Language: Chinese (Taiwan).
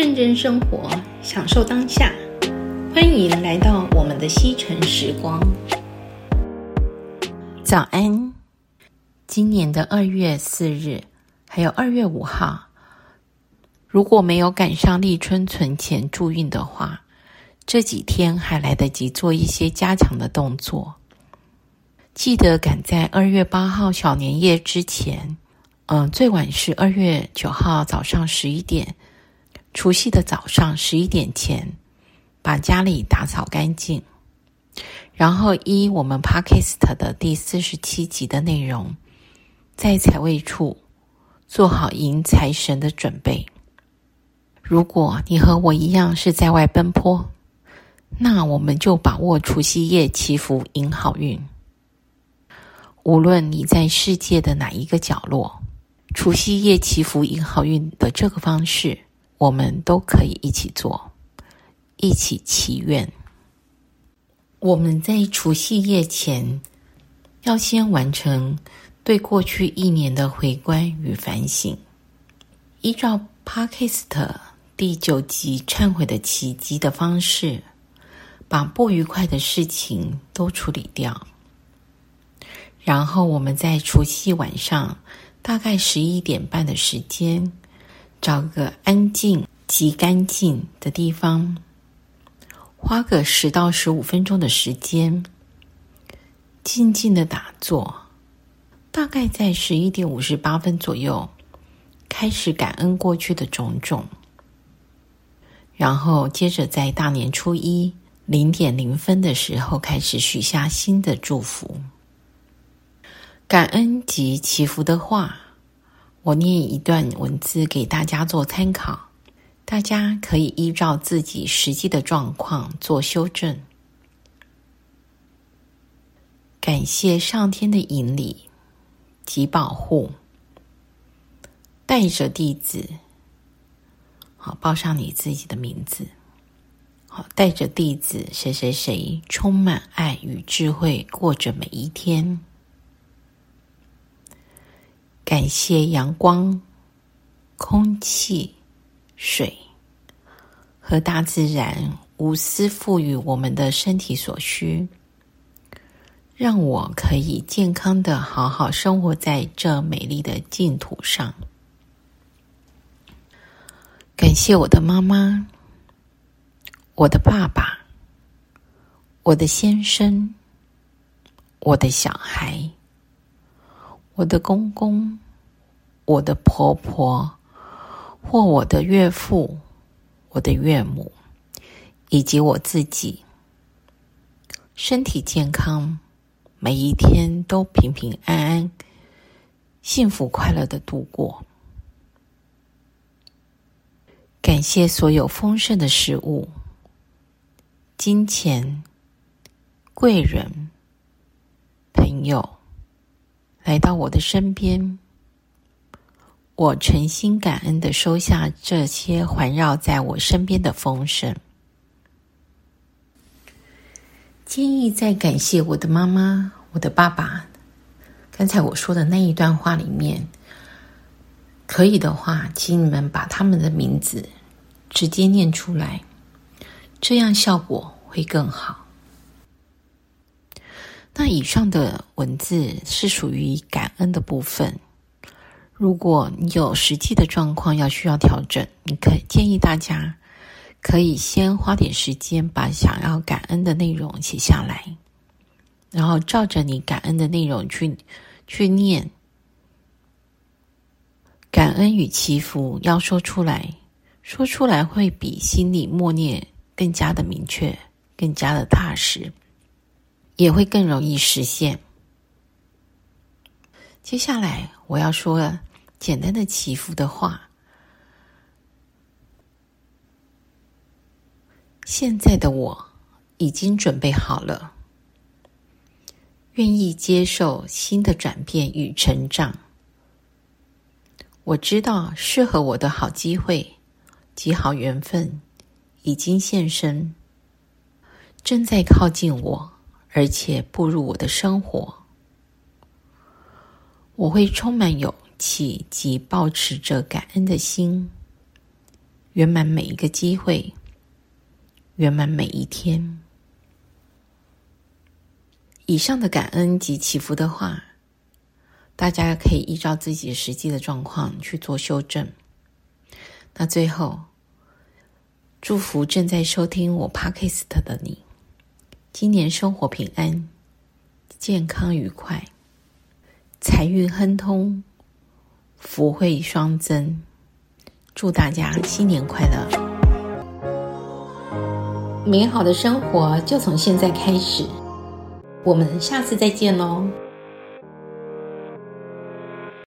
認真生活，享受當下。歡迎來到我們的西城時光。早安！今年的二月四日還有二月五號，如果沒有趕上立春存錢助運的話，這幾天還來得及做一些加強的動作。記得趕在二月八號小年夜之前，嗯、呃，最晚是二月九號早上十一點。除夕的早上十一點前，把家裡打掃乾淨，然後依我們 Podcast 的第四十七集的內容，在財位處做好迎財神的準備。如果你和我一樣是在外奔波，那我們就把握除夕夜祈福迎好運。無論你在世界的哪一個角落，除夕夜祈福迎好運的這個方式。我們都可以一起做，一起祈願。我們在除夕夜前要先完成對過去一年的回觀與反省，依照 Podcast 第九集懺悔的奇蹟的方式，把不愉快的事情都處理掉。然後我們在除夕晚上大概十一點半的時間。找個安靜及乾淨的地方，花個十到十五分鐘的時間，靜靜的打坐。大概在十一點五十八分左右，開始感恩過去的種種，然後接着在大年初一零點零分的時候開始許下新的祝福、感恩及祈福的話。我念一段文字給大家做參考，大家可以依照自己實際的狀況做修正。感謝上天的引領及保護，帶着弟子，好，報上你自己的名字，好，帶著弟子，誰誰誰，充滿愛與智慧，過着每一天。感謝陽光、空氣、水和大自然無私賦予我們的身體所需，讓我可以健康的好好生活在這美麗的淨土上。感謝我的媽媽、我的爸爸、我的先生、我的小孩。我的公公、我的婆婆，或我的岳父、我的岳母，以及我自己，身體健康，每一天都平平安安、幸福快樂地度過。感謝所有豐盛的食物、金錢、貴人、朋友。來到我的身邊，我誠心感恩的收下這些環繞在我身邊的豐盛。建議在感謝我的媽媽、我的爸爸，剛才我說的那一段話裡面，可以的話，請你們把他們的名字直接念出來，這樣效果會更好。那以上的文字是屬於感恩的部分。如果你有實際的狀況要需要調整，你可以建議大家可以先花點時間把想要感恩的內容寫下來，然後照着你感恩的內容去去念。感恩與祈福要說出來，說出來會比心裡默念更加的明確，更加的踏實，也會更容易實現。接下來我要說簡單的祈福的話。現在的我已經準備好了，願意接受新的轉變與成長。我知道適合我的好機會及好緣分已經現身，正在靠近我。而且步入我的生活，我會充滿勇氣及抱持着感恩的心，圓滿每一個機會，圓滿每一天。以上的感恩及祈福的話，大家可以依照自己實際的狀況去做修正。那最後，祝福正在收聽我 Podcast 的你。今年生活平安，健康愉快，財運亨通，福慧雙增，祝大家新年快樂！美好的生活就從現在開始，我們下次再見嘍。